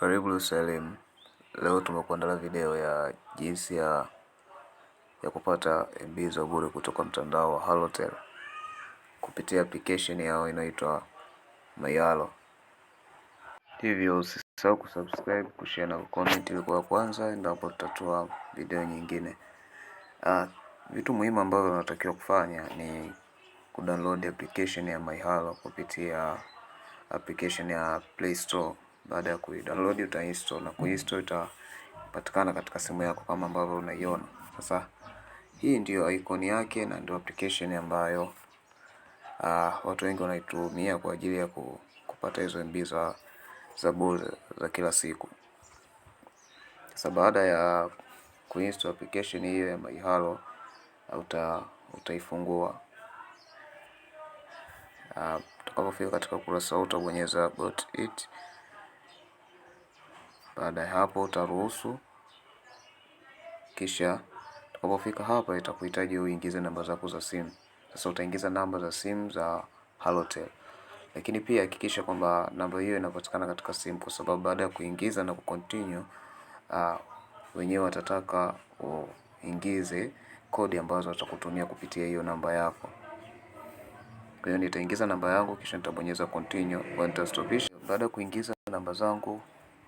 Karibu Salim, leo tumekuandalia video ya jinsi ya, ya kupata MB za bure kutoka mtandao wa Halotel kupitia application yao inaitwa Mayalo. Hivyo usisahau kusubscribe, kushare na kucomment ili kwa kwanza endapo tutatoa video nyingine. Ah, vitu muhimu ambavyo unatakiwa kufanya ni kudownload application ya Mayalo kupitia application ya Play Store. Baada ya kuidownload utainstall na kuinstall itapatikana katika simu yako kama ambavyo unaiona sasa. Hii ndiyo icon yake na ndio application ambayo uh, watu wengi wanaitumia kwa ajili ya kupata hizo MB za za bure za kila siku. Sasa baada ya kuinstall application hiyo ya MyHalo uta utaifungua ah, utakapofika katika ukurasa huu utabonyeza about it baada ya hapo utaruhusu, kisha utakapofika hapa itakuhitaji uingize namba zako za simu. Sasa utaingiza namba za simu za Halotel, lakini pia hakikisha kwamba namba hiyo inapatikana katika simu, kwa sababu baada ya kuingiza na kucontinue uh, ah, wenyewe watataka uingize kodi ambazo watakutumia kupitia hiyo namba yako. Kwa hiyo nitaingiza namba yangu kisha nitabonyeza continue, nitastopisha. Baada ya kuingiza namba zangu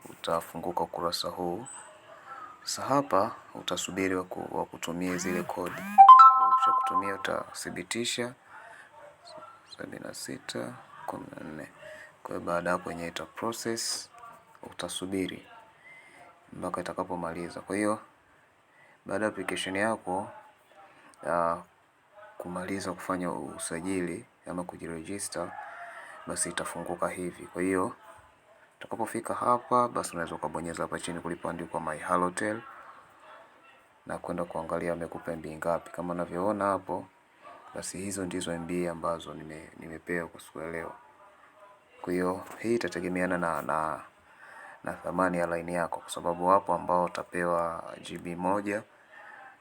utafunguka ukurasa huu. Sasa hapa utasubiri wa kutumia zile kodi. Kisha kutumia utathibitisha 76 14. Kwa hiyo baada hapo yenyewe ita process utasubiri mpaka itakapomaliza. Kwa hiyo baada ya application yako uh, kumaliza kufanya usajili ama kujiregister, basi itafunguka hivi. Kwa hiyo Utakapofika hapa, basi unaweza ukabonyeza hapa chini kulipoandikwa My Halotel na kwenda kuangalia amekupa MB ngapi. Kama unavyoona hapo, basi hizo ndizo MB ambazo nime, nimepewa kwa siku ya leo. Kwa hiyo hii itategemeana na, na na thamani ya line yako, kwa sababu wapo ambao watapewa GB moja,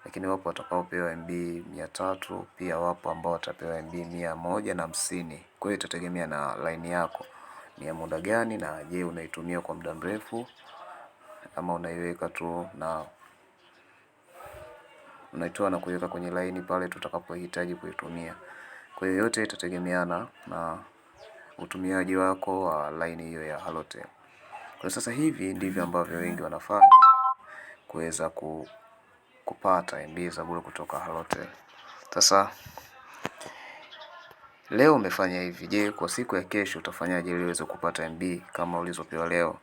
lakini wapo watakaopewa MB mia tatu pia wapo ambao watapewa MB mia moja na hamsini. Kwa hiyo itategemea na line yako ni ya muda gani, na je, unaitumia kwa muda mrefu ama unaiweka tu na unaitoa na kuiweka kwenye laini pale tutakapohitaji kuitumia. Kwa hiyo yote itategemeana na utumiaji wako wa laini hiyo ya Halotel. Kwa sasa hivi ndivyo ambavyo wengi wanafanya kuweza kupata MB za bure kutoka Halotel. Sasa leo umefanya hivi, je, kwa siku ya kesho utafanyaje ili uweze kupata MB kama ulizopewa leo?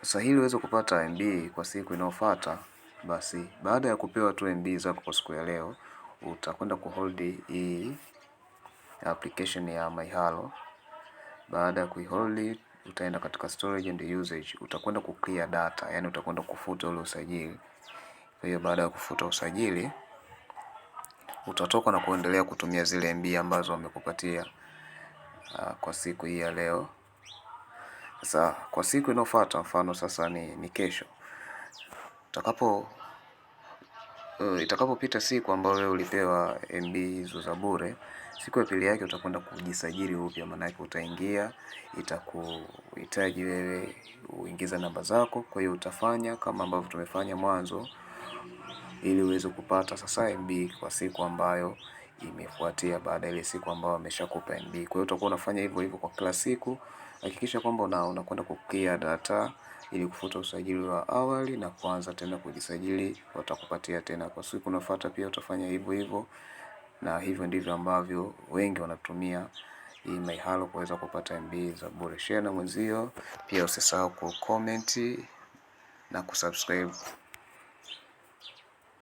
Sasa ili uweze kupata MB kwa siku inayofuata, basi baada ya kupewa tu MB zako kwa siku ya leo, utakwenda kuhold hii application ya MyHalo. Baada ya kuihold, utaenda katika storage and usage, utakwenda kuclear data, yani utakwenda kufuta ule usajili. Kwa hiyo baada ya kufuta usajili utatoka na kuendelea kutumia zile MB ambazo wamekupatia uh, kwa siku hii ya leo. Sasa kwa siku inayofuata, mfano sasa ni, ni kesho utakapo uh, itakapopita siku ambayo wewe ulipewa MB hizo za bure, siku ya pili yake utakwenda kujisajili upya, yake utaingia, itakuhitaji wewe uingiza namba zako. Kwa hiyo utafanya kama ambavyo tumefanya mwanzo ili uweze kupata sasa MB kwa siku ambayo imefuatia baada ya ile siku ambayo ameshakupa MB. Kwa hiyo utakuwa unafanya hivyo hivyo kwa kila siku. Hakikisha kwamba una unakwenda kukia data ili kufuta usajili wa awali na kuanza tena kujisajili, watakupatia tena kwa siku unafuata. Pia utafanya hivyo hivyo, na hivyo ndivyo ambavyo wengi wanatumia hii MyHalo kuweza kupata MB za bure. Share na mwenzio, pia usisahau kucomment na kusubscribe.